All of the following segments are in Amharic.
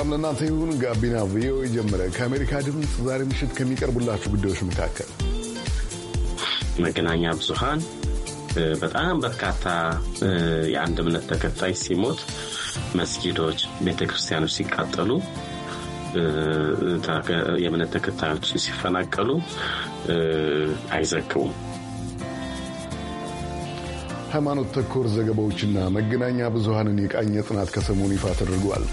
ሰላም ለእናንተ ይሁን። ጋቢና ቪኦኤ ጀመረ። ከአሜሪካ ድምፅ ዛሬ ምሽት ከሚቀርቡላችሁ ጉዳዮች መካከል መገናኛ ብዙሃን በጣም በርካታ የአንድ እምነት ተከታይ ሲሞት፣ መስጊዶች፣ ቤተክርስቲያኖች ሲቃጠሉ፣ የእምነት ተከታዮች ሲፈናቀሉ አይዘግቡም። ሃይማኖት ተኮር ዘገባዎችና መገናኛ ብዙሃንን የቃኘ ጥናት ከሰሞኑ ይፋ ተደርጓል።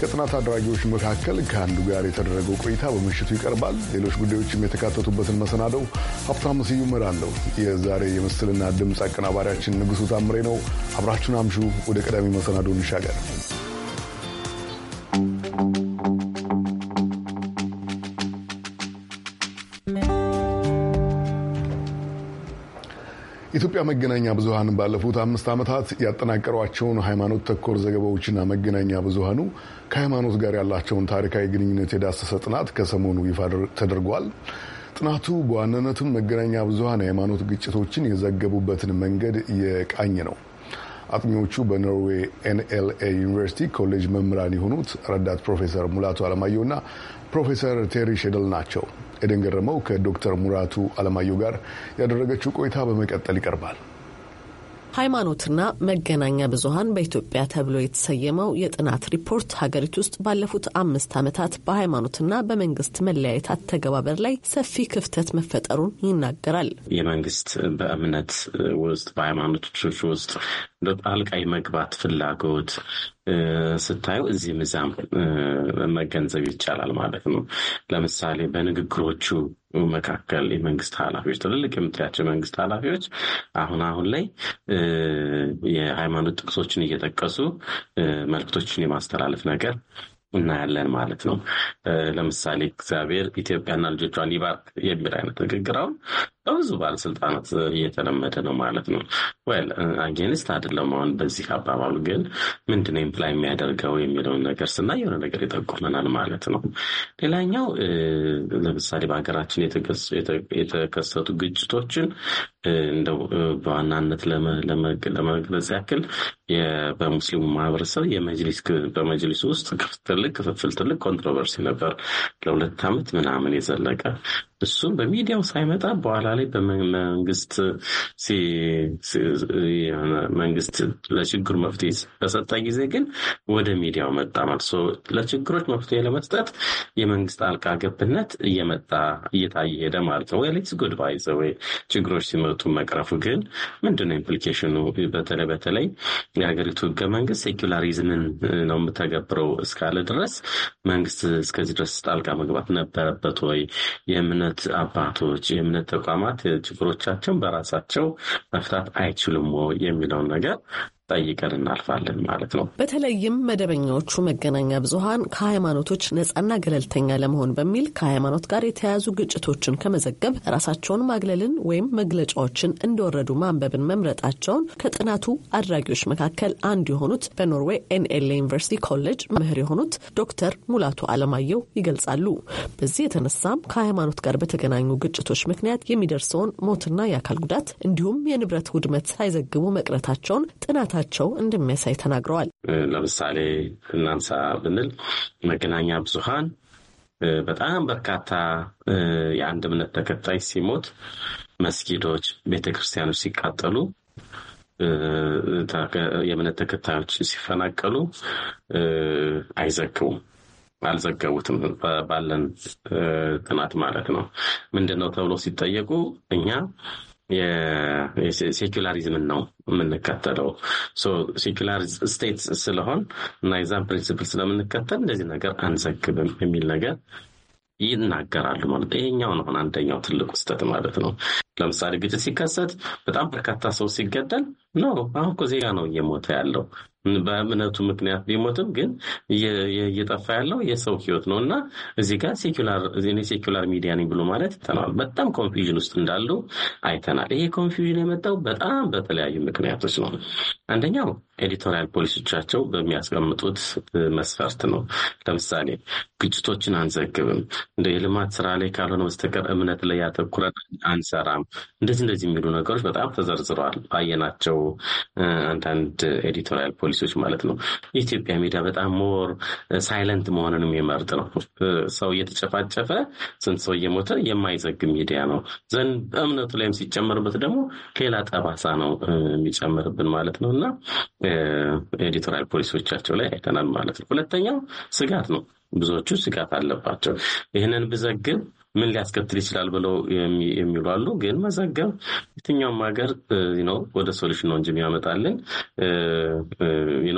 ከጥናት አድራጊዎች መካከል ከአንዱ ጋር የተደረገው ቆይታ በምሽቱ ይቀርባል። ሌሎች ጉዳዮችም የተካተቱበትን መሰናደው ሀብታም ስዩም እመራለሁ። የዛሬ የምስልና ድምፅ አቀናባሪያችን ንጉሱ ታምሬ ነው። አብራችሁን አምሹ። ወደ ቀዳሚ መሰናዶ እንሻገር። የኢትዮጵያ መገናኛ ብዙሀን ባለፉት አምስት ዓመታት ያጠናቀሯቸውን ሃይማኖት ተኮር ዘገባዎችና መገናኛ ብዙሀኑ ከሃይማኖት ጋር ያላቸውን ታሪካዊ ግንኙነት የዳሰሰ ጥናት ከሰሞኑ ይፋ ተደርጓል። ጥናቱ በዋናነትም መገናኛ ብዙሀን የሃይማኖት ግጭቶችን የዘገቡበትን መንገድ የቃኝ ነው። አጥኚዎቹ በኖርዌይ ኤንኤልኤ ዩኒቨርሲቲ ኮሌጅ መምህራን የሆኑት ረዳት ፕሮፌሰር ሙላቱ አለማየሁና ፕሮፌሰር ቴሪ ሼደል ናቸው። ኤደን ገረመው ከዶክተር ሙራቱ አለማየሁ ጋር ያደረገችው ቆይታ በመቀጠል ይቀርባል። ሃይማኖትና መገናኛ ብዙሀን በኢትዮጵያ ተብሎ የተሰየመው የጥናት ሪፖርት ሀገሪቱ ውስጥ ባለፉት አምስት ዓመታት በሃይማኖትና በመንግስት መለያየት አተገባበር ላይ ሰፊ ክፍተት መፈጠሩን ይናገራል። የመንግስት በእምነት ውስጥ በሃይማኖቶች ውስጥ ጣልቃ መግባት ፍላጎት ስታዩ እዚህም እዚያም መገንዘብ ይቻላል ማለት ነው። ለምሳሌ በንግግሮቹ መካከል የመንግስት ኃላፊዎች ትልልቅ የምትያቸው የመንግስት ኃላፊዎች አሁን አሁን ላይ የሃይማኖት ጥቅሶችን እየጠቀሱ መልክቶችን የማስተላለፍ ነገር እናያለን ማለት ነው። ለምሳሌ እግዚአብሔር ኢትዮጵያና ልጆቿን ይባርክ የሚል አይነት ንግግር አሁን በብዙ ባለስልጣናት እየተለመደ ነው ማለት ነው። ወል አጌንስት አይደለም አሁን በዚህ አባባሉ ግን ምንድነው ኢምፕላይ የሚያደርገው የሚለውን ነገር ስናይ የሆነ ነገር ይጠቁመናል ማለት ነው። ሌላኛው ለምሳሌ በሀገራችን የተከሰቱ ግጭቶችን እንደው በዋናነት ለመግለጽ ያክል በሙስሊሙ ማህበረሰብ በመጅሊስ ውስጥ ትልቅ ክፍፍል፣ ትልቅ ኮንትሮቨርሲ ነበር ለሁለት ዓመት ምናምን የዘለቀ እሱም በሚዲያው ሳይመጣ በኋላ ላይ በመንግስት መንግስት ለችግሩ መፍትሄ በሰጠ ጊዜ ግን ወደ ሚዲያው መጣ ማለት ለችግሮች መፍትሄ ለመስጠት የመንግስት አልቃ ገብነት እየመጣ እየታየ ሄደ ማለት ነው። ወይሌትስ ጉድ ባይ ዘ ወይ ችግሮች ሲመጡ መቅረፉ ግን ምንድነው ኢምፕሊኬሽኑ? በተለይ በተለይ የሀገሪቱ ህገ መንግስት ሴኩላሪዝምን ነው የምተገብረው እስካለ ድረስ መንግስት እስከዚህ ድረስ ጣልቃ መግባት ነበረበት ወይ የምን የእምነት አባቶች፣ የእምነት ተቋማት ችግሮቻቸውን በራሳቸው መፍታት አይችሉም የሚለውን ነገር ጠይቀን እናልፋለን ማለት ነው። በተለይም መደበኛዎቹ መገናኛ ብዙኃን ከሃይማኖቶች ነጻና ገለልተኛ ለመሆን በሚል ከሃይማኖት ጋር የተያያዙ ግጭቶችን ከመዘገብ ራሳቸውን ማግለልን ወይም መግለጫዎችን እንደወረዱ ማንበብን መምረጣቸውን ከጥናቱ አድራጊዎች መካከል አንዱ የሆኑት በኖርዌይ ኤንኤል ዩኒቨርሲቲ ኮሌጅ መምህር የሆኑት ዶክተር ሙላቱ አለማየሁ ይገልጻሉ። በዚህ የተነሳም ከሃይማኖት ጋር በተገናኙ ግጭቶች ምክንያት የሚደርሰውን ሞትና የአካል ጉዳት እንዲሁም የንብረት ውድመት ሳይዘግቡ መቅረታቸውን ጥናት መግባታቸው እንደሚያሳይ ተናግረዋል። ለምሳሌ እናንሳ ብንል መገናኛ ብዙሃን በጣም በርካታ የአንድ እምነት ተከታይ ሲሞት፣ መስጊዶች፣ ቤተክርስቲያኖች ሲቃጠሉ፣ የእምነት ተከታዮች ሲፈናቀሉ አይዘግቡም። አልዘገቡትም ባለን ጥናት ማለት ነው። ምንድን ነው ተብሎ ሲጠየቁ እኛ ሴኩላሪዝምን ነው የምንከተለው። ሴኩላር ስቴት ስለሆን እና የዛን ፕሪንስፕል ስለምንከተል እንደዚህ ነገር አንዘግብም የሚል ነገር ይናገራሉ ማለት ነው። ይሄኛው ነው አንደኛው ትልቅ ውስጠት ማለት ነው። ለምሳሌ ግጭት ሲከሰት በጣም በርካታ ሰው ሲገደል ነው አሁን እኮ ዜጋ ነው እየሞተ ያለው በእምነቱ ምክንያት ቢሞትም ግን እየጠፋ ያለው የሰው ህይወት ነው እና እዚህ ጋር ሴኩላር ሚዲያ ነኝ ብሎ ማለት ይተናል። በጣም ኮንፊውዥን ውስጥ እንዳሉ አይተናል። ይሄ ኮንፊውዥን የመጣው በጣም በተለያዩ ምክንያቶች ነው። አንደኛው ኤዲቶሪያል ፖሊሲዎቻቸው በሚያስቀምጡት መስፈርት ነው። ለምሳሌ ግጭቶችን አንዘግብም፣ እንደ የልማት ስራ ላይ ካልሆነ በስተቀር እምነት ላይ ያተኩረን አንሰራም፣ እንደዚህ እንደዚህ የሚሉ ነገሮች በጣም ተዘርዝረዋል። ባየናቸው አንዳንድ ኤዲቶሪያል ፖሊሲዎች ማለት ነው። የኢትዮጵያ ሚዲያ በጣም ሞር ሳይለንት መሆንን የሚመርጥ ነው። ሰው እየተጨፋጨፈ ስንት ሰው እየሞተ የማይዘግብ ሚዲያ ነው። ዘን እምነቱ ላይም ሲጨመርበት ደግሞ ሌላ ጠባሳ ነው የሚጨምርብን ማለት ነው እና ኤዲቶሪያል ፖሊሲዎቻቸው ላይ አይተናል ማለት ነው። ሁለተኛው ስጋት ነው። ብዙዎቹ ስጋት አለባቸው። ይህንን ብዘግብ ምን ሊያስከትል ይችላል ብለው የሚሉ አሉ። ግን መዘገብ የትኛውም ሀገር ነው ወደ ሶሉሽን ነው እንጂ የሚያመጣልን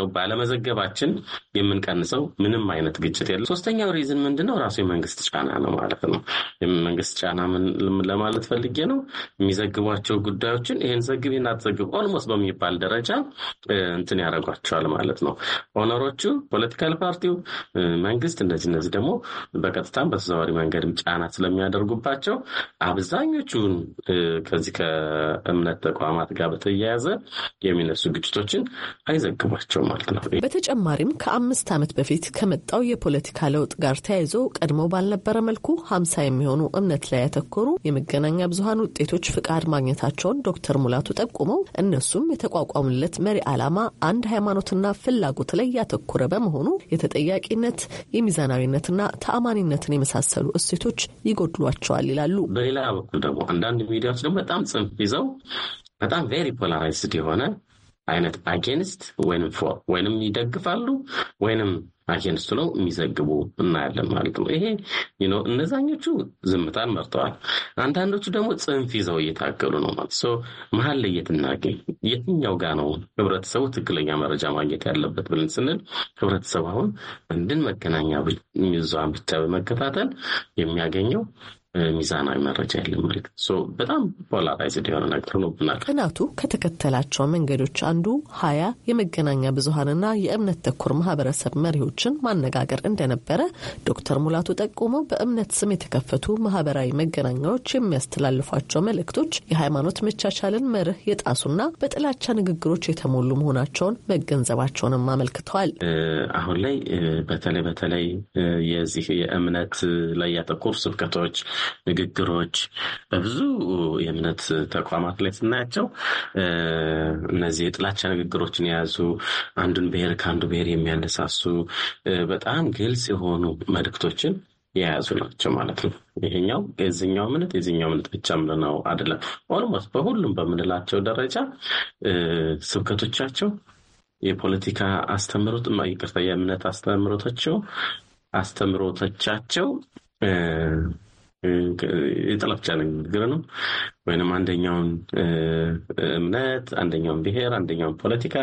ነው። ባለመዘገባችን የምንቀንሰው ምንም አይነት ግጭት የለም። ሶስተኛው ሪዝን ምንድነው? ራሱ የመንግስት ጫና ነው ማለት ነው። የመንግስት ጫና ለማለት ፈልጌ ነው። የሚዘግቧቸው ጉዳዮችን ይህን ዘግብ ይህን አትዘግብ ኦልሞስት በሚባል ደረጃ እንትን ያደርጓቸዋል ማለት ነው። ኦነሮቹ፣ ፖለቲካል ፓርቲው፣ መንግስት እነዚህ እነዚህ ደግሞ በቀጥታም በተዘዋዋሪ መንገድ ጫና ስለሚያደርጉባቸው አብዛኞቹን ከዚህ ከእምነት ተቋማት ጋር በተያያዘ የሚነሱ ግጭቶችን አይዘግቧቸው ማለት ነው። በተጨማሪም ከአምስት ዓመት በፊት ከመጣው የፖለቲካ ለውጥ ጋር ተያይዞ ቀድሞ ባልነበረ መልኩ ሀምሳ የሚሆኑ እምነት ላይ ያተኮሩ የመገናኛ ብዙሀን ውጤቶች ፍቃድ ማግኘታቸውን ዶክተር ሙላቱ ጠቁመው እነሱም የተቋቋሙለት መሪ ዓላማ አንድ ሃይማኖትና ፍላጎት ላይ ያተኮረ በመሆኑ የተጠያቂነት የሚዛናዊነትና ተአማኒነትን የመሳሰሉ እሴቶች ይጎድሏቸዋል ይላሉ። በሌላ በኩል ደግሞ አንዳንድ ሚዲያዎች ደግሞ በጣም ጽንፍ ይዘው በጣም ቬሪ ፖላራይዝድ የሆነ አይነት አጌንስት ወይንም ፎር ወይንም ይደግፋሉ ወይንም አጀንስት ነው የሚዘግቡ እናያለን ማለት ነው። ይሄ እነዛኞቹ ዝምታን መርጠዋል። አንዳንዶቹ ደግሞ ጽንፍ ይዘው እየታገሉ ነው ማለት መሀል ላይ የትናገኝ የትኛው ጋ ነው ህብረተሰቡ ትክክለኛ መረጃ ማግኘት ያለበት ብለን ስንል ህብረተሰቡ አሁን እንድን መገናኛ ብዙሃን ብቻ በመከታተል የሚያገኘው ሚዛናዊ መረጃ የለም ማለት ነው። በጣም ፖላራይዝድ የሆነ ነገር ሆኖብናል። ጥናቱ ከተከተላቸው መንገዶች አንዱ ሀያ የመገናኛ ብዙሀንና የእምነት ተኮር ማህበረሰብ መሪዎችን ማነጋገር እንደነበረ ዶክተር ሙላቱ ጠቁመው በእምነት ስም የተከፈቱ ማህበራዊ መገናኛዎች የሚያስተላልፏቸው መልእክቶች የሃይማኖት መቻቻልን መርህ የጣሱና በጥላቻ ንግግሮች የተሞሉ መሆናቸውን መገንዘባቸውንም አመልክተዋል። አሁን ላይ በተለይ በተለይ የዚህ የእምነት ላይ ያተኮሩ ስብከቶች ንግግሮች በብዙ የእምነት ተቋማት ላይ ስናያቸው እነዚህ የጥላቻ ንግግሮችን የያዙ አንዱን ብሔር ከአንዱ ብሔር የሚያነሳሱ በጣም ግልጽ የሆኑ መልእክቶችን የያዙ ናቸው ማለት ነው። ይሄኛው የዚኛው እምነት የዚኛው እምነት ብቻ ምለናው አይደለም። ኦልሞስት በሁሉም በምንላቸው ደረጃ ስብከቶቻቸው የፖለቲካ አስተምሮት ይቅርታ፣ የእምነት አስተምሮቶቻቸው አስተምሮቶቻቸው የጥላቻ ንግግር ነው። ወይንም አንደኛውን እምነት፣ አንደኛውን ብሔር፣ አንደኛውን ፖለቲካ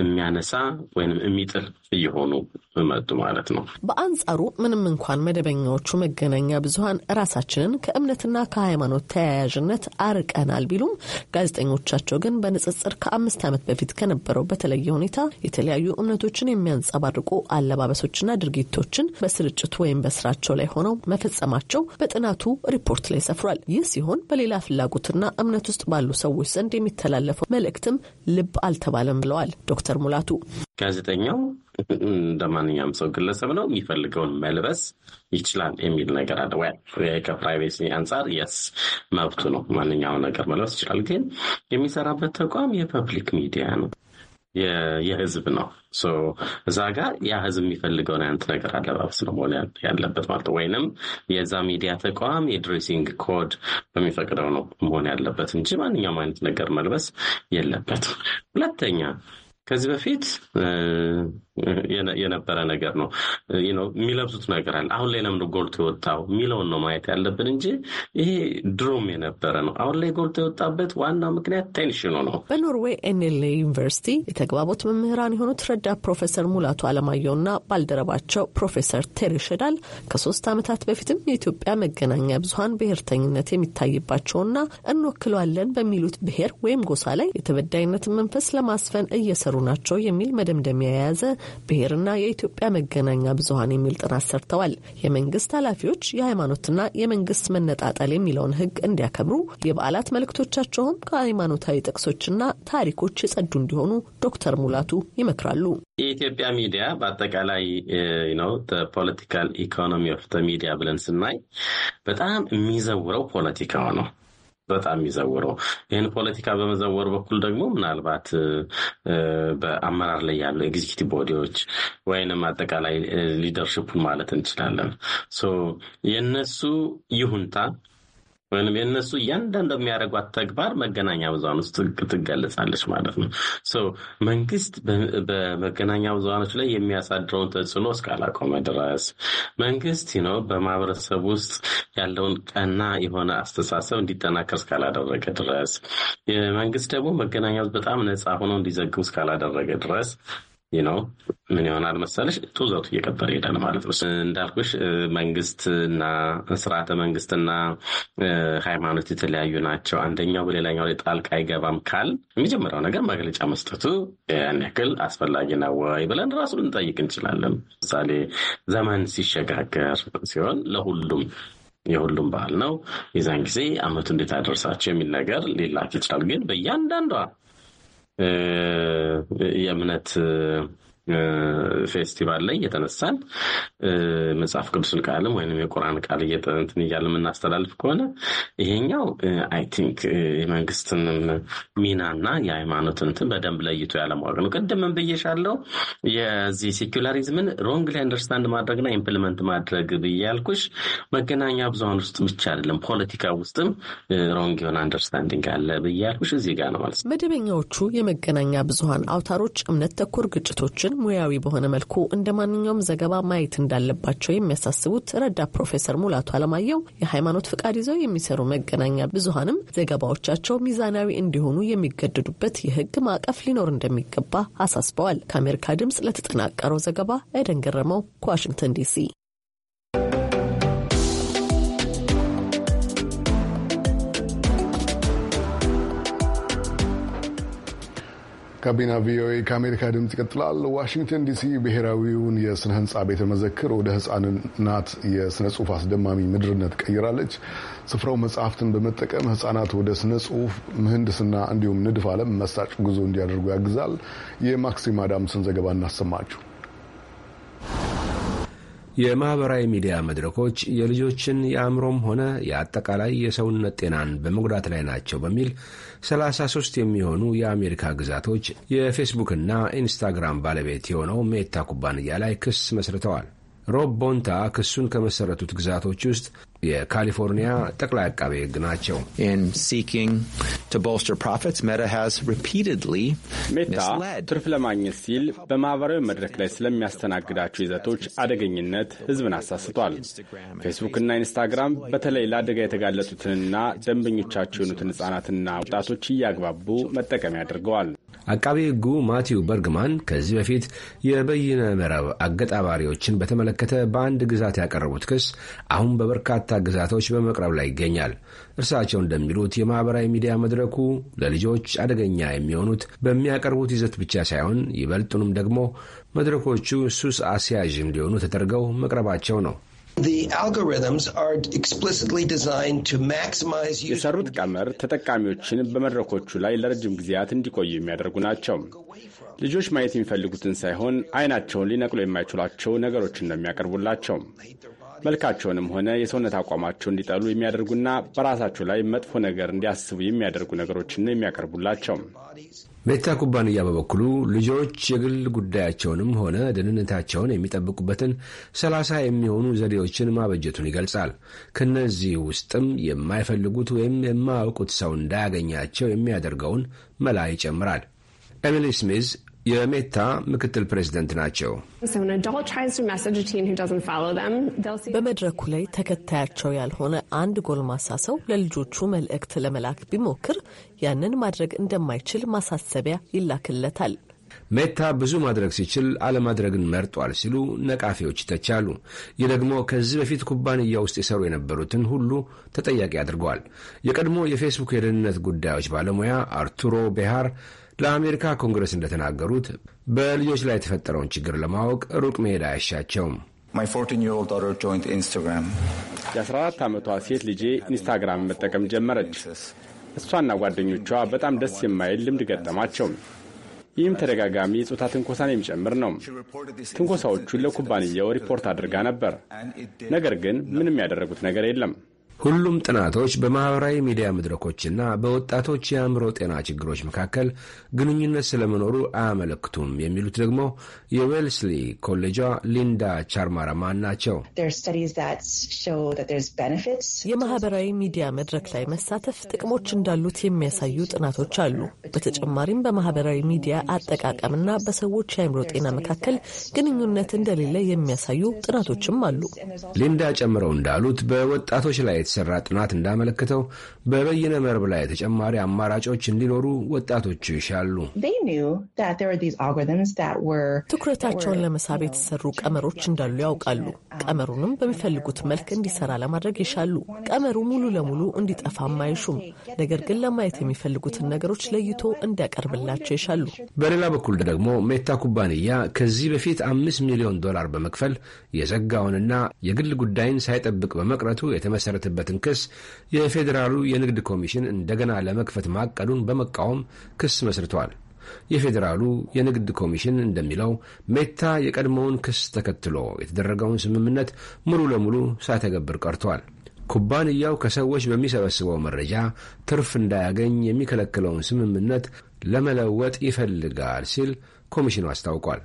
የሚያነሳ ወይንም የሚጥል እየሆኑ መጡ ማለት ነው። በአንጻሩ ምንም እንኳን መደበኛዎቹ መገናኛ ብዙኃን ራሳችንን ከእምነትና ከሃይማኖት ተያያዥነት አርቀናል ቢሉም ጋዜጠኞቻቸው ግን በንጽጽር ከአምስት ዓመት በፊት ከነበረው በተለየ ሁኔታ የተለያዩ እምነቶችን የሚያንጸባርቁ አለባበሶችና ድርጊቶችን በስርጭቱ ወይም በስራቸው ላይ ሆነው መፈጸማቸው በጥናቱ ሪፖርት ላይ ሰፍሯል። ይህ ሲሆን በሌላ ፍላጎት በሚያውቁትና እምነት ውስጥ ባሉ ሰዎች ዘንድ የሚተላለፈው መልእክትም ልብ አልተባለም ብለዋል ዶክተር ሙላቱ። ጋዜጠኛው እንደ ማንኛውም ሰው ግለሰብ ነው፣ የሚፈልገውን መልበስ ይችላል የሚል ነገር አለ። ከፕራይቬሲ አንጻር የስ መብቱ ነው፣ ማንኛውም ነገር መልበስ ይችላል። ግን የሚሰራበት ተቋም የፐብሊክ ሚዲያ ነው። የህዝብ ነው። እዛ ጋር ያ ህዝብ የሚፈልገውን አይነት ነገር አለባበስ ነው መሆን ያለበት ማለት ነው። ወይንም የዛ ሚዲያ ተቋም የድሬሲንግ ኮድ በሚፈቅደው ነው መሆን ያለበት እንጂ ማንኛውም አይነት ነገር መልበስ የለበትም። ሁለተኛ ከዚህ በፊት የነበረ ነገር ነው። የሚለብሱት ነገር አለ። አሁን ላይ ለምን ጎልቶ የወጣው የሚለውን ነው ማየት ያለብን እንጂ ይሄ ድሮም የነበረ ነው። አሁን ላይ ጎልቶ የወጣበት ዋናው ምክንያት ቴንሽኑ ነው። በኖርዌይ ኤንኤልኤ ዩኒቨርሲቲ የተግባቦት መምህራን የሆኑት ረዳት ፕሮፌሰር ሙላቱ አለማየሁና ባልደረባቸው ፕሮፌሰር ቴሪሸዳል ከሶስት ዓመታት በፊትም የኢትዮጵያ መገናኛ ብዙሀን ብሔርተኝነት የሚታይባቸውና እንወክለዋለን በሚሉት ብሔር ወይም ጎሳ ላይ የተበዳይነትን መንፈስ ለማስፈን እየሰሩ ናቸው የሚል መደምደሚያ የያዘ ብሔርና የኢትዮጵያ መገናኛ ብዙሀን የሚል ጥናት ሰርተዋል። የመንግስት ኃላፊዎች የሃይማኖትና የመንግስት መነጣጠል የሚለውን ህግ እንዲያከብሩ የበዓላት መልእክቶቻቸውም ከሃይማኖታዊ ጥቅሶችና ታሪኮች የጸዱ እንዲሆኑ ዶክተር ሙላቱ ይመክራሉ። የኢትዮጵያ ሚዲያ በአጠቃላይ ነው ፖለቲካል ኢኮኖሚ ኦፍ ሚዲያ ብለን ስናይ በጣም የሚዘውረው ፖለቲካው ነው። በጣም የሚዘውረው ይህን ፖለቲካ በመዘወር በኩል ደግሞ ምናልባት በአመራር ላይ ያሉ ኤግዚኪቲቭ ቦዲዎች ወይንም አጠቃላይ ሊደርሽፑን ማለት እንችላለን የነሱ ይሁንታ ወይም የእነሱ እያንዳንዱ የሚያደርጓት ተግባር መገናኛ ብዙሃን ውስጥ ትገለጻለች ማለት ነው። መንግስት በመገናኛ ብዙሃኖች ላይ የሚያሳድረውን ተጽዕኖ እስካላቆመ ድረስ መንግስት ነው በማህበረሰብ ውስጥ ያለውን ቀና የሆነ አስተሳሰብ እንዲጠናከር እስካላደረገ ድረስ መንግስት ደግሞ መገናኛ በጣም ነፃ ሆኖ እንዲዘግቡ እስካላደረገ ድረስ ነው ምን ይሆናል መሰለሽ ጡዘቱ እየቀጠለ ይሄዳል ማለት ነው። እንዳልኩሽ መንግስት እና ስርዓተ መንግስትና ሃይማኖት የተለያዩ ናቸው። አንደኛው በሌላኛው ላይ ጣልቃ አይገባም ካል የሚጀምረው ነገር መግለጫ መስጠቱ ያን ያክል አስፈላጊ ነው ወይ ብለን ራሱ ልንጠይቅ እንችላለን። ምሳሌ ዘመን ሲሸጋገር ሲሆን ለሁሉም የሁሉም በዓል ነው። የዛን ጊዜ አመቱ እንዴት አደርሳቸው የሚል ነገር ሌላቸው ይችላል። ግን በእያንዳንዷ የእምነት ፌስቲቫል ላይ እየተነሳን መጽሐፍ ቅዱስን ቃልም ወይም የቁርአን ቃል እየጠንትን እያለ የምናስተላልፍ ከሆነ ይሄኛው አይ ቲንክ የመንግስትን ሚናና የሃይማኖት በደንብ ለይቶ ያለማወቅ ነው። ቅድምን ብዬሻለው የዚህ ሴኩላሪዝምን ሮንግ ላይ አንደርስታንድ ማድረግና ኢምፕሊመንት ማድረግ ብያልኩሽ መገናኛ ብዙሀን ውስጥ ብቻ አይደለም ፖለቲካ ውስጥም ሮንግ የሆነ አንደርስታንዲንግ አለ ብያልኩሽ እዚህ ጋር ነው ማለት ነው። መደበኛዎቹ የመገናኛ ብዙሀን አውታሮች እምነት ተኮር ግጭቶችን ሙያዊ በሆነ መልኩ እንደ ማንኛውም ዘገባ ማየት እንዳለባቸው የሚያሳስቡት ረዳት ፕሮፌሰር ሙላቱ አለማየው የሃይማኖት ፍቃድ ይዘው የሚሰሩ መገናኛ ብዙሀንም ዘገባዎቻቸው ሚዛናዊ እንዲሆኑ የሚገደዱበት የህግ ማዕቀፍ ሊኖር እንደሚገባ አሳስበዋል። ከአሜሪካ ድምጽ ለተጠናቀረው ዘገባ ኤደን ገረመው ከዋሽንግተን ዲሲ ጋቢና ቪኦኤ ከአሜሪካ ድምፅ ይቀጥላል። ዋሽንግተን ዲሲ ብሔራዊውን የስነ ህንፃ ቤተ መዘክር ወደ ህጻናት የስነ ጽሁፍ አስደማሚ ምድርነት ቀይራለች። ስፍራው መጽሐፍትን በመጠቀም ህጻናት ወደ ስነ ጽሁፍ፣ ምህንድስና እንዲሁም ንድፍ ዓለም መሳጭ ጉዞ እንዲያደርጉ ያግዛል። የማክሲም አዳምስን ዘገባ እናሰማችሁ። የማኅበራዊ ሚዲያ መድረኮች የልጆችን የአእምሮም ሆነ የአጠቃላይ የሰውነት ጤናን በመጉዳት ላይ ናቸው በሚል 33 የሚሆኑ የአሜሪካ ግዛቶች የፌስቡክና ኢንስታግራም ባለቤት የሆነው ሜታ ኩባንያ ላይ ክስ መስርተዋል። ሮብ ቦንታ ክሱን ከመሰረቱት ግዛቶች ውስጥ የካሊፎርኒያ ጠቅላይ አቃቤ ሕግ ናቸው። ሜታ ትርፍ ለማግኘት ሲል በማህበራዊ መድረክ ላይ ስለሚያስተናግዳቸው ይዘቶች አደገኝነት ሕዝብን አሳስቷል። ፌስቡክና ኢንስታግራም በተለይ ለአደጋ የተጋለጡትንና ደንበኞቻቸው የሆኑትን ሕጻናትና ወጣቶች እያግባቡ መጠቀሚያ አድርገዋል። አቃቤ ሕጉ ማቲው በርግማን ከዚህ በፊት የበይነ መረብ አገጣባሪዎችን በተመለከተ በአንድ ግዛት ያቀረቡት ክስ አሁን በበርካታ ግዛቶች በመቅረብ ላይ ይገኛል። እርሳቸው እንደሚሉት የማኅበራዊ ሚዲያ መድረኩ ለልጆች አደገኛ የሚሆኑት በሚያቀርቡት ይዘት ብቻ ሳይሆን ይበልጡንም ደግሞ መድረኮቹ ሱስ አስያዥ እንዲሆኑ ተደርገው መቅረባቸው ነው። የሰሩት ቀመር ተጠቃሚዎችን በመድረኮቹ ላይ ለረጅም ጊዜያት እንዲቆዩ የሚያደርጉ ናቸው። ልጆች ማየት የሚፈልጉትን ሳይሆን አይናቸውን ሊነቅሎ የማይችሏቸው ነገሮችን ነው የሚያቀርቡላቸው። መልካቸውንም ሆነ የሰውነት አቋማቸው እንዲጠሉ የሚያደርጉና በራሳቸው ላይ መጥፎ ነገር እንዲያስቡ የሚያደርጉ ነገሮችን የሚያቀርቡላቸው። ሜታ ኩባንያ በበኩሉ ልጆች የግል ጉዳያቸውንም ሆነ ደህንነታቸውን የሚጠብቁበትን ሰላሳ የሚሆኑ ዘዴዎችን ማበጀቱን ይገልጻል። ከእነዚህ ውስጥም የማይፈልጉት ወይም የማያውቁት ሰው እንዳያገኛቸው የሚያደርገውን መላ ይጨምራል። ኤሚሊ ስሚዝ የሜታ ምክትል ፕሬዚደንት ናቸው። በመድረኩ ላይ ተከታያቸው ያልሆነ አንድ ጎልማሳ ሰው ለልጆቹ መልእክት ለመላክ ቢሞክር ያንን ማድረግ እንደማይችል ማሳሰቢያ ይላክለታል። ሜታ ብዙ ማድረግ ሲችል አለማድረግን መርጧል ሲሉ ነቃፊዎች ይተቻሉ። ይህ ደግሞ ከዚህ በፊት ኩባንያ ውስጥ የሰሩ የነበሩትን ሁሉ ተጠያቂ አድርገዋል። የቀድሞ የፌስቡክ የደህንነት ጉዳዮች ባለሙያ አርቱሮ ቤሃር ለአሜሪካ ኮንግረስ እንደተናገሩት በልጆች ላይ የተፈጠረውን ችግር ለማወቅ ሩቅ መሄድ አያሻቸውም። የ14 ዓመቷ ሴት ልጄ ኢንስታግራም መጠቀም ጀመረች። እሷና ጓደኞቿ በጣም ደስ የማይል ልምድ ገጠማቸው። ይህም ተደጋጋሚ ጾታ ትንኮሳን የሚጨምር ነው። ትንኮሳዎቹን ለኩባንያው ሪፖርት አድርጋ ነበር። ነገር ግን ምንም ያደረጉት ነገር የለም። ሁሉም ጥናቶች በማኅበራዊ ሚዲያ መድረኮችና በወጣቶች የአእምሮ ጤና ችግሮች መካከል ግንኙነት ስለመኖሩ አያመለክቱም የሚሉት ደግሞ የዌልስሊ ኮሌጇ ሊንዳ ቻርማራማን ናቸው። የማኅበራዊ ሚዲያ መድረክ ላይ መሳተፍ ጥቅሞች እንዳሉት የሚያሳዩ ጥናቶች አሉ። በተጨማሪም በማኅበራዊ ሚዲያ አጠቃቀምና በሰዎች የአእምሮ ጤና መካከል ግንኙነት እንደሌለ የሚያሳዩ ጥናቶችም አሉ። ሊንዳ ጨምረው እንዳሉት በወጣቶች ላይ የተሰራ ጥናት እንዳመለከተው በበይነ መርብ ላይ ተጨማሪ አማራጮች እንዲኖሩ ወጣቶቹ ይሻሉ። ትኩረታቸውን ለመሳብ የተሰሩ ቀመሮች እንዳሉ ያውቃሉ። ቀመሩንም በሚፈልጉት መልክ እንዲሰራ ለማድረግ ይሻሉ። ቀመሩ ሙሉ ለሙሉ እንዲጠፋም አይሹም። ነገር ግን ለማየት የሚፈልጉትን ነገሮች ለይቶ እንዲያቀርብላቸው ይሻሉ። በሌላ በኩል ደግሞ ሜታ ኩባንያ ከዚህ በፊት አምስት ሚሊዮን ዶላር በመክፈል የዘጋውንና የግል ጉዳይን ሳይጠብቅ በመቅረቱ የተመሰረተበትን ክስ የፌዴራሉ የንግድ ኮሚሽን እንደገና ለመክፈት ማቀዱን በመቃወም ክስ መስርቷል። የፌዴራሉ የንግድ ኮሚሽን እንደሚለው ሜታ የቀድሞውን ክስ ተከትሎ የተደረገውን ስምምነት ሙሉ ለሙሉ ሳይተገብር ቀርቷል። ኩባንያው ከሰዎች በሚሰበስበው መረጃ ትርፍ እንዳያገኝ የሚከለክለውን ስምምነት ለመለወጥ ይፈልጋል ሲል ኮሚሽኑ አስታውቋል።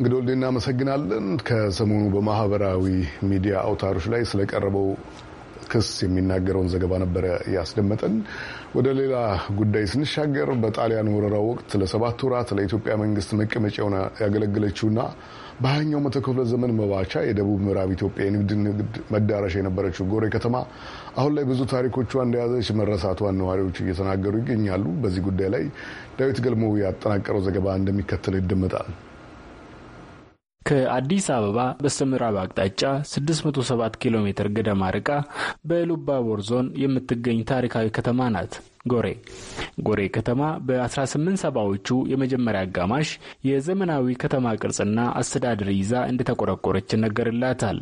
እንግዲህ ወልዴ እናመሰግናለን። ከሰሞኑ በማህበራዊ ሚዲያ አውታሮች ላይ ስለቀረበው ክስ የሚናገረውን ዘገባ ነበረ ያስደመጠን። ወደ ሌላ ጉዳይ ስንሻገር በጣሊያን ወረራ ወቅት ለሰባት ወራት ለኢትዮጵያ መንግስት መቀመጫ ሆና ያገለገለችውና በሀያኛው መቶ ክፍለ ዘመን መባቻ የደቡብ ምዕራብ ኢትዮጵያ የንግድ ንግድ መዳረሻ የነበረችው ጎሬ ከተማ አሁን ላይ ብዙ ታሪኮቿ እንደያዘች መረሳቷን ነዋሪዎች እየተናገሩ ይገኛሉ። በዚህ ጉዳይ ላይ ዳዊት ገልሞ ያጠናቀረው ዘገባ እንደሚከተል ይደመጣል። ከአዲስ አበባ በስተምዕራብ አቅጣጫ 607 ኪሎ ሜትር ገደማ ርቃ በሉባቦር ዞን የምትገኝ ታሪካዊ ከተማ ናት። ጎሬ ጎሬ ከተማ በ1870ዎቹ የመጀመሪያ አጋማሽ የዘመናዊ ከተማ ቅርጽና አስተዳደር ይዛ እንደተቆረቆረች ይነገርላታል።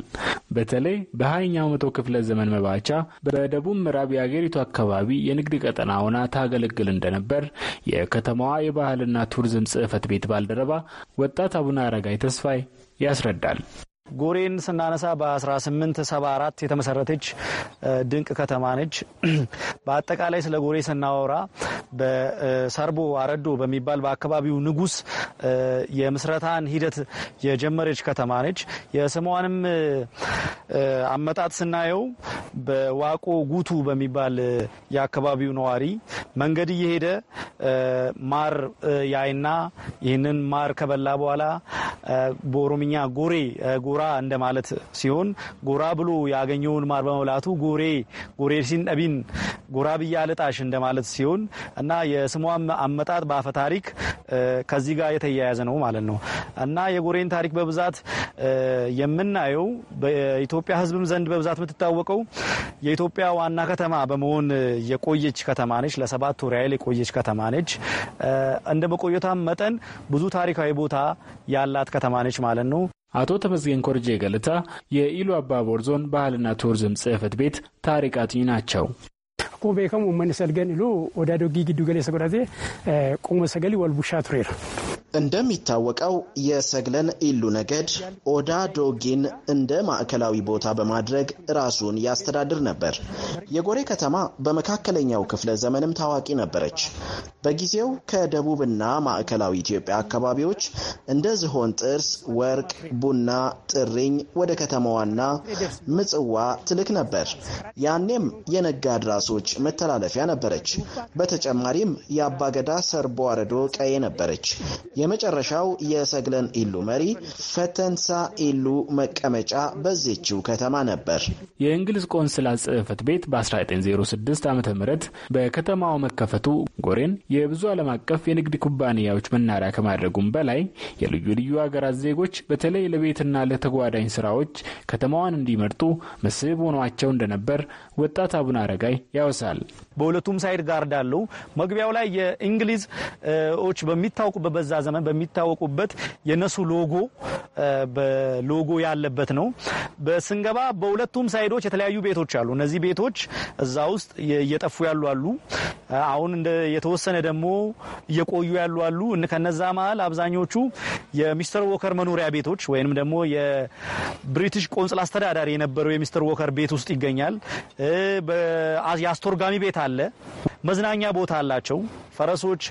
በተለይ በሃያኛው መቶ ክፍለ ዘመን መባቻ በደቡብ ምዕራብ የአገሪቱ አካባቢ የንግድ ቀጠና ሆና ታገለግል እንደነበር የከተማዋ የባህልና ቱሪዝም ጽህፈት ቤት ባልደረባ ወጣት አቡነ አረጋይ ተስፋይ ያስረዳል። ጎሬን ስናነሳ በ1874 የተመሰረተች ድንቅ ከተማ ነች። በአጠቃላይ ስለ ጎሬ ስናወራ በሰርቦ አረዶ በሚባል በአካባቢው ንጉስ የምስረታን ሂደት የጀመረች ከተማ ነች። የስሟንም አመጣጥ ስናየው በዋቆ ጉቱ በሚባል የአካባቢው ነዋሪ መንገድ እየሄደ ማር ያይና ይህንን ማር ከበላ በኋላ በኦሮምኛ ጎሬ ጉራ እንደማለት ሲሆን ጎራ ብሎ ያገኘውን ማር በመብላቱ ጉሬ ጉሬ ሲንጠቢን ጎራ ብያ ልጣሽ እንደማለት ሲሆን እና የስሟም አመጣጥ በአፈ ታሪክ ከዚህ ጋር የተያያዘ ነው ማለት ነው እና የጉሬን ታሪክ በብዛት የምናየው በኢትዮጵያ ሕዝብም ዘንድ በብዛት የምትታወቀው የኢትዮጵያ ዋና ከተማ በመሆን የቆየች ከተማ ነች። ለሰባት ወር ያህል የቆየች ከተማ ነች። እንደ መቆየቷም መጠን ብዙ ታሪካዊ ቦታ ያላት ከተማ ነች ማለት ነው። አቶ ተመስገን ኮርጄ ገለታ የኢሉ አባቦር ዞን ባህልና ቱሪዝም ጽሕፈት ቤት ታሪክ አጥኚ ናቸው። Akkuma beekamu uummanni salgan iluu odaa doggii giddu galeessa godhatee sagalii wal bushaa tureera. እንደሚታወቀው የሰግለን ኢሉ ነገድ ኦዳ ዶጊን እንደ ማዕከላዊ ቦታ በማድረግ ራሱን ያስተዳድር ነበር። የጎሬ ከተማ በመካከለኛው ክፍለ ዘመንም ታዋቂ ነበረች። በጊዜው ከደቡብና ማዕከላዊ ኢትዮጵያ አካባቢዎች እንደ ዝሆን ጥርስ፣ ወርቅ፣ ቡና፣ ጥሪኝ ወደ ከተማዋና ምጽዋ ትልክ ነበር። ያኔም የነጋድ ራሶች መተላለፊያ ነበረች። በተጨማሪም የአባገዳ ሰርቦ አረዶ ቀዬ ነበረች። የመጨረሻው የሰግለን ኢሉ መሪ ፈተንሳ ኢሉ መቀመጫ በዚችው ከተማ ነበር። የእንግሊዝ ቆንስላ ጽህፈት ቤት በ1906 ዓ ም በከተማው መከፈቱ ጎሬን የብዙ ዓለም አቀፍ የንግድ ኩባንያዎች መናሪያ ከማድረጉም በላይ የልዩ ልዩ ሀገራት ዜጎች በተለይ ለቤትና ለተጓዳኝ ስራዎች ከተማዋን እንዲመርጡ መስህብ ሆኗቸው እንደነበር ወጣት አቡነ አረጋይ ያወሳል። በሁለቱም ሳይድ ጋርድ አለው። መግቢያው ላይ ዎች በሚታወቁበት በዛ ዘመን በሚታወቁበት የነሱ ሎጎ በሎጎ ያለበት ነው። በስንገባ በሁለቱም ሳይዶች የተለያዩ ቤቶች አሉ። እነዚህ ቤቶች እዛ ውስጥ እየጠፉ ያሉ አሉ። አሁን እንደ የተወሰነ ደግሞ እየቆዩ ያሉ አሉ። ከነዛ መሀል አብዛኞቹ የሚስተር ወከር መኖሪያ ቤቶች ወይንም ደግሞ የብሪቲሽ ቆንጽል አስተዳዳሪ የነበረው የሚስተር ወከር ቤት ውስጥ ይገኛል። የአስቶርጋሚ ቤት አለ። መዝናኛ ቦታ አላቸው። ፈረሶች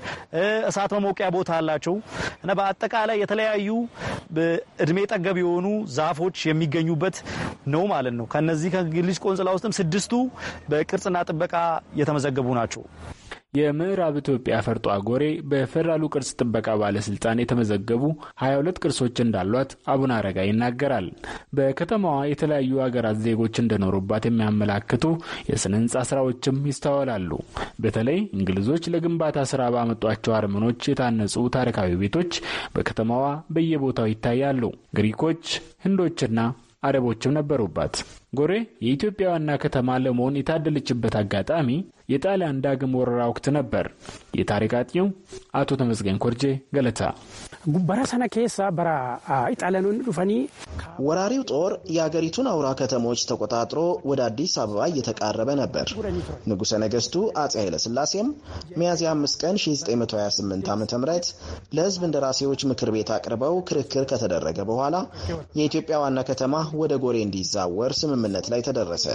እሳት መሞቂያ ቦታ አላቸው። እና በአጠቃላይ የተለያዩ እድሜ ጠገብ የሆኑ ዛፎች የሚገኙበት ነው ማለት ነው። ከነዚህ ከእንግሊዝ ቆንጽላ ውስጥም ስድስቱ በቅርጽና ጥበቃ የተመዘገቡ ናቸው። የምዕራብ ኢትዮጵያ ፈርጦ አጎሬ በፌዴራሉ ቅርስ ጥበቃ ባለስልጣን የተመዘገቡ 22 ቅርሶች እንዳሏት አቡነ አረጋ ይናገራል። በከተማዋ የተለያዩ ሀገራት ዜጎች እንደኖሩባት የሚያመላክቱ የስነ ህንፃ ስራዎችም ይስተዋላሉ። በተለይ እንግሊዞች ለግንባታ ስራ ባመጧቸው አርመኖች የታነጹ ታሪካዊ ቤቶች በከተማዋ በየቦታው ይታያሉ። ግሪኮች፣ ህንዶችና አረቦችም ነበሩባት። ጎሬ የኢትዮጵያ ዋና ከተማ ለመሆን የታደለችበት አጋጣሚ የጣሊያን ዳግም ወረራ ወቅት ነበር። የታሪክ አጥኚው አቶ ተመስገን ኮርጄ ገለታ በረሰነ ኬሳ በራ ኢጣሊያኑን ዱፈኒ ወራሪው ጦር የአገሪቱን አውራ ከተሞች ተቆጣጥሮ ወደ አዲስ አበባ እየተቃረበ ነበር። ንጉሠ ነገሥቱ አጼ ኃይለሥላሴም ሚያዝያ 5 ቀን 1928 ዓ ም ለሕዝብ እንደራሴዎች ምክር ቤት አቅርበው ክርክር ከተደረገ በኋላ የኢትዮጵያ ዋና ከተማ ወደ ጎሬ እንዲዛወር ስምምነት ላይ ተደረሰ።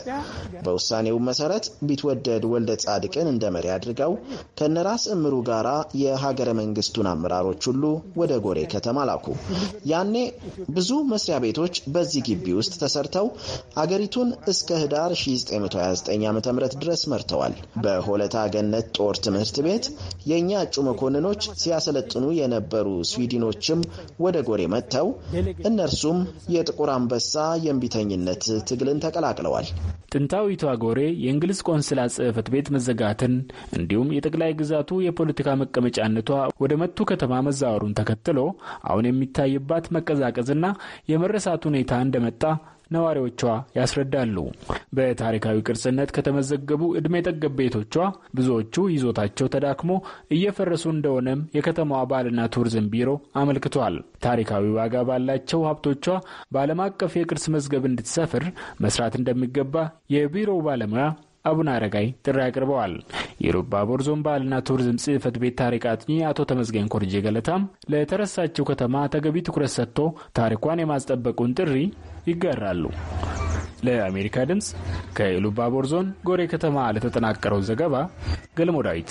በውሳኔውም መሰረት ቢትወደድ ወልደ ጻድቅን እንደ መሪ አድርገው ከነራስ እምሩ ጋራ የሀገረ መንግስቱን አመራሮች ሁሉ ወደ ጎሬ ከተማ ላኩ። ያኔ ብዙ መስሪያ ቤቶች በዚህ ግቢ ውስጥ ተሰርተው አገሪቱን እስከ ህዳር 1929 ዓ ም ድረስ መርተዋል። በሆለታ ገነት ጦር ትምህርት ቤት የእኛ እጩ መኮንኖች ሲያሰለጥኑ የነበሩ ስዊድኖችም ወደ ጎሬ መጥተው እነርሱም የጥቁር አንበሳ የእምቢተኝነት ትግልን ተቀላቅለዋል። ጥንታዊቷ ጎሬ የእንግሊዝ ቆንስላ ጽህፈት ቤት መዘጋትን እንዲሁም የጠቅላይ ግዛቱ የፖለቲካ መቀመጫነቷ ወደ መቱ ከተማ መዛወሩን ተከትሎ አሁን የሚታይባት መቀዛቀዝና የመረሳት ሁኔታ እንደመጣ ነዋሪዎቿ ያስረዳሉ። በታሪካዊ ቅርጽነት ከተመዘገቡ ዕድሜ ጠገብ ቤቶቿ ብዙዎቹ ይዞታቸው ተዳክሞ እየፈረሱ እንደሆነም የከተማዋ ባህልና ቱሪዝም ቢሮ አመልክቷል። ታሪካዊ ዋጋ ባላቸው ሀብቶቿ በዓለም አቀፍ የቅርስ መዝገብ እንድትሰፍር መስራት እንደሚገባ የቢሮው ባለሙያ አቡነ አረጋይ ጥሪ አቅርበዋል። የሮባ ባቡር ዞን ባህልና ቱሪዝም ጽህፈት ቤት ታሪክ አጥኚ አቶ ተመዝገኝ ኮርጄ ገለታም ለተረሳችው ከተማ ተገቢ ትኩረት ሰጥቶ ታሪኳን የማስጠበቁን ጥሪ ይጋራሉ። ለአሜሪካ ድምፅ ከኢሉባቦር ዞን ጎሬ ከተማ ለተጠናቀረው ዘገባ ገልሞ ዳዊት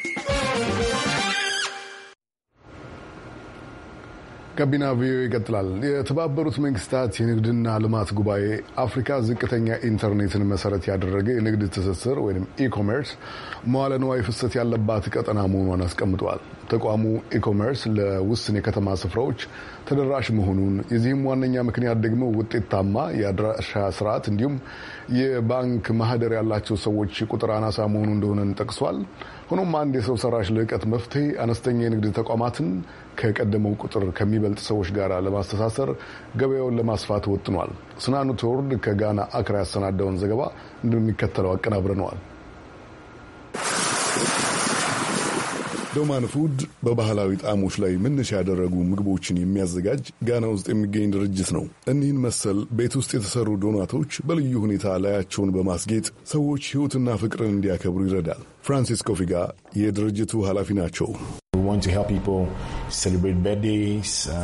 ጋቢና ቪኦኤ ይቀጥላል። የተባበሩት መንግስታት የንግድና ልማት ጉባኤ አፍሪካ ዝቅተኛ ኢንተርኔትን መሰረት ያደረገ የንግድ ትስስር ወይም ኢኮሜርስ መዋለ ንዋይ ፍሰት ያለባት ቀጠና መሆኗን አስቀምጧል። ተቋሙ ኢኮሜርስ ለውስን የከተማ ስፍራዎች ተደራሽ መሆኑን የዚህም ዋነኛ ምክንያት ደግሞ ውጤታማ የአድራሻ ስርዓት እንዲሁም የባንክ ማህደር ያላቸው ሰዎች ቁጥር አናሳ መሆኑ እንደሆነን ጠቅሷል። ሆኖም አንድ የሰው ሰራሽ ልዕቀት መፍትሄ አነስተኛ የንግድ ተቋማትን ከቀደመው ቁጥር ከሚበልጥ ሰዎች ጋር ለማስተሳሰር ገበያውን ለማስፋት ወጥኗል። ስናኑ ትወርድ ከጋና አክራ ያሰናዳውን ዘገባ እንደሚከተለው አቀናብረነዋል። ዶማን ፉድ በባህላዊ ጣዕሞች ላይ መነሻ ያደረጉ ምግቦችን የሚያዘጋጅ ጋና ውስጥ የሚገኝ ድርጅት ነው። እኒህን መሰል ቤት ውስጥ የተሰሩ ዶናቶች በልዩ ሁኔታ ላያቸውን በማስጌጥ ሰዎች ሕይወትና ፍቅርን እንዲያከብሩ ይረዳል። ፍራንሲስ ኮፊጋ የድርጅቱ ኃላፊ ናቸው። Um,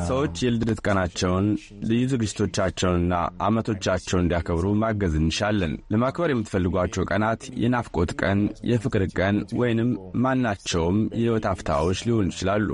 ሰዎች የልደት ቀናቸውን፣ ልዩ ዝግጅቶቻቸውንና ዓመቶቻቸውን እንዲያከብሩ ማገዝ እንሻለን። ለማክበር የምትፈልጓቸው ቀናት የናፍቆት ቀን፣ የፍቅር ቀን ወይንም ማናቸውም የሕይወት አፍታዎች ሊሆኑ ይችላሉ።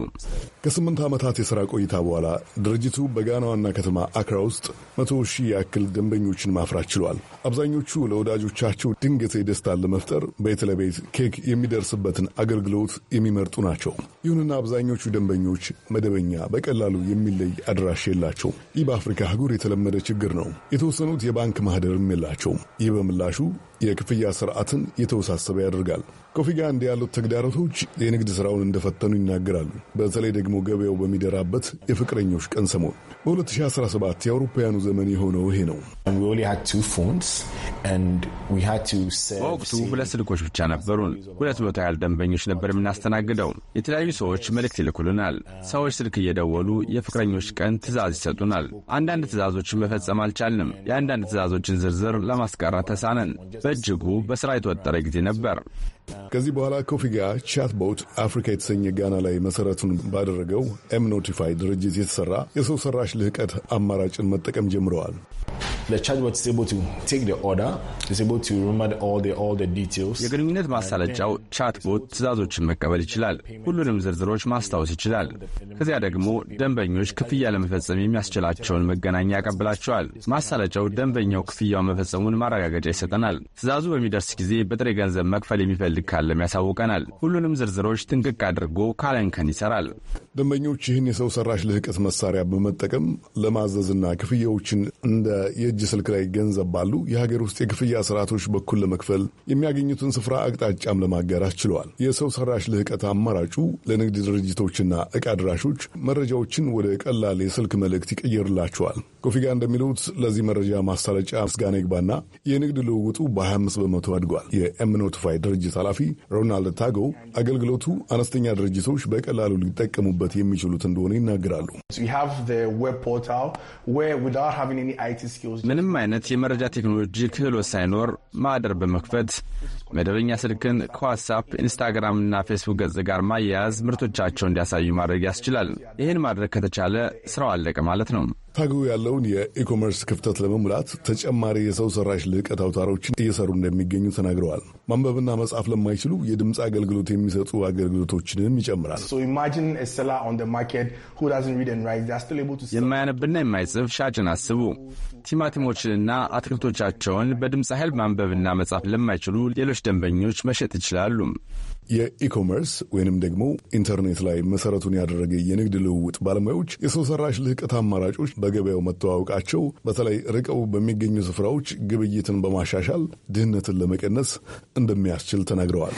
ከስምንት ዓመታት የሥራ ቆይታ በኋላ ድርጅቱ በጋና ዋና ከተማ አክራ ውስጥ መቶ ሺህ ያክል ደንበኞችን ማፍራት ችሏል። አብዛኞቹ ለወዳጆቻቸው ድንገት ደስታን ለመፍጠር ቤት ለቤት ኬክ የሚደርስበትን አገልግሎት የሚመርጡ ናቸው። ይሁንና አብዛኞቹ ደንበኞች ሆቴሎች መደበኛ በቀላሉ የሚለይ አድራሽ የላቸውም። ይህ በአፍሪካ አህጉር የተለመደ ችግር ነው። የተወሰኑት የባንክ ማህደርም የላቸውም። ይህ በምላሹ የክፍያ ስርዓትን የተወሳሰበ ያደርጋል። ኮፊ ጋንድ ያሉት ተግዳሮቶች የንግድ ስራውን እንደፈተኑ ይናገራሉ። በተለይ ደግሞ ገበያው በሚደራበት የፍቅረኞች ቀን ሰሞን በ2017 የአውሮፓውያኑ ዘመን የሆነው ይሄ ነው። በወቅቱ ሁለት ስልኮች ብቻ ነበሩን። ሁለት መቶ ያህል ደንበኞች ነበር የምናስተናግደው። የተለያዩ ሰዎች መልእክት ይልኩልናል። ሰዎች ስልክ እየደወሉ የፍቅረኞች ቀን ትእዛዝ ይሰጡናል። አንዳንድ ትእዛዞችን መፈጸም አልቻልንም። የአንዳንድ ትእዛዞችን ዝርዝር ለማስቀረት ተሳነን። በእጅጉ በስራ የተወጠረ ጊዜ ነበር። ከዚህ በኋላ ኮፊ ጋር ቻትቦት አፍሪካ የተሰኘ ጋና ላይ መሰረቱን ባደረገው ኤምኖቲፋይ ድርጅት የተሰራ የሰው ሰራሽ ልህቀት አማራጭን መጠቀም ጀምረዋል። the chatbot is able to take the order, It's able to remember all the all the details. የግንኙነት ማሳለጫው ቻትቦት ትዕዛዞችን መቀበል ይችላል። ሁሉንም ዝርዝሮች ማስታወስ ይችላል። ከዚያ ደግሞ ደንበኞች ክፍያ ለመፈጸም የሚያስችላቸውን መገናኛ ያቀብላቸዋል። ማሳለጫው ደንበኛው ክፍያው መፈጸሙን ማረጋገጫ ይሰጠናል። ትዕዛዙ በሚደርስ ጊዜ በጥሬ ገንዘብ መክፈል የሚፈልግ ካለም ያሳውቀናል። ሁሉንም ዝርዝሮች ጥንቅቅ አድርጎ ካለንከን ይሰራል። ደንበኞች ይህን የሰው ሰራሽ ልህቀት መሳሪያ በመጠቀም ለማዘዝና ክፍያዎችን እንደ የእጅ ስልክ ላይ ገንዘብ ባሉ የሀገር ውስጥ የክፍያ ስርዓቶች በኩል ለመክፈል የሚያገኙትን ስፍራ አቅጣጫም ለማጋራት ችለዋል። የሰው ሰራሽ ልህቀት አማራጩ ለንግድ ድርጅቶችና እቃ አድራሾች መረጃዎችን ወደ ቀላል የስልክ መልእክት ይቀይርላቸዋል። ኮፊጋ እንደሚሉት ለዚህ መረጃ ማሳለጫ ምስጋና ይግባና የንግድ ልውውጡ በ25 በመቶ አድጓል። የኤምኖቲፋይ ድርጅት ኃላፊ ሮናልድ ታጎ አገልግሎቱ አነስተኛ ድርጅቶች በቀላሉ ሊጠቀሙበት ሊያገኙበት የሚችሉት እንደሆነ ይናገራሉ። ምንም አይነት የመረጃ ቴክኖሎጂ ክህሎት ሳይኖር ማዕደር በመክፈት መደበኛ ስልክን ከዋትሳፕ ኢንስታግራምና ፌስቡክ ገጽ ጋር ማያያዝ ምርቶቻቸውን እንዲያሳዩ ማድረግ ያስችላል። ይህን ማድረግ ከተቻለ ስራው አለቀ ማለት ነው። ፓጉ ያለውን የኢኮመርስ ክፍተት ለመሙላት ተጨማሪ የሰው ሰራሽ ልቀት አውታሮችን እየሰሩ እንደሚገኙ ተናግረዋል። ማንበብና መጻፍ ለማይችሉ የድምፅ አገልግሎት የሚሰጡ አገልግሎቶችንም ይጨምራል። የማያነብና የማይጽፍ ሻጭን አስቡ። ቲማቲሞችንና አትክልቶቻቸውን በድምፅ ኃይል ማንበብና መጻፍ ለማይችሉ ሌሎች ደንበኞች መሸጥ ይችላሉ። የኢኮመርስ ወይንም ደግሞ ኢንተርኔት ላይ መሰረቱን ያደረገ የንግድ ልውውጥ ባለሙያዎች የሰው ሰራሽ ልህቀት አማራጮች በገበያው መተዋወቃቸው በተለይ ርቀው በሚገኙ ስፍራዎች ግብይትን በማሻሻል ድህነትን ለመቀነስ እንደሚያስችል ተናግረዋል።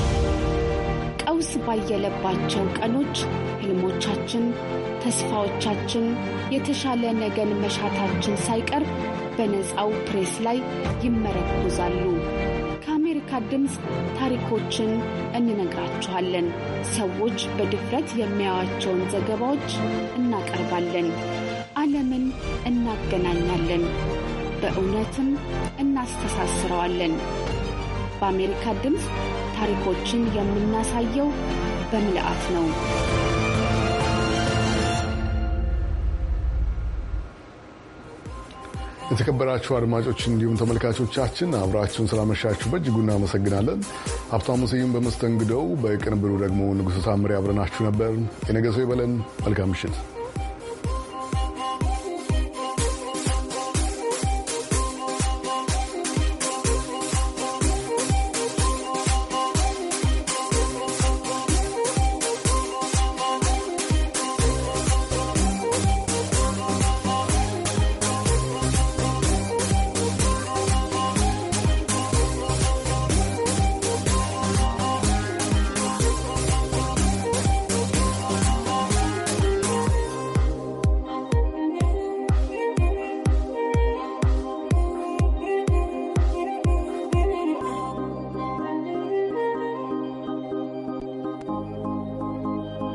ቀውስ ባየለባቸው ቀኖች ህልሞቻችን፣ ተስፋዎቻችን፣ የተሻለ ነገን መሻታችን ሳይቀር በነፃው ፕሬስ ላይ ይመረኮዛሉ። ከአሜሪካ ድምፅ ታሪኮችን እንነግራችኋለን። ሰዎች በድፍረት የሚያዩአቸውን ዘገባዎች እናቀርባለን። ዓለምን እናገናኛለን፣ በእውነትም እናስተሳስረዋለን። በአሜሪካ ድምፅ ታሪኮችን የምናሳየው በምልአት ነው። የተከበራችሁ አድማጮች እንዲሁም ተመልካቾቻችን አብራችሁን ስላመሻችሁ በእጅጉ እናመሰግናለን። ሀብታሙ ስዩም በመስተንግዶው፣ በቅንብሩ ደግሞ ንጉሥ ሳምሪ አብረናችሁ ነበር። የነገ ሰው ይበለን። መልካም ምሽት።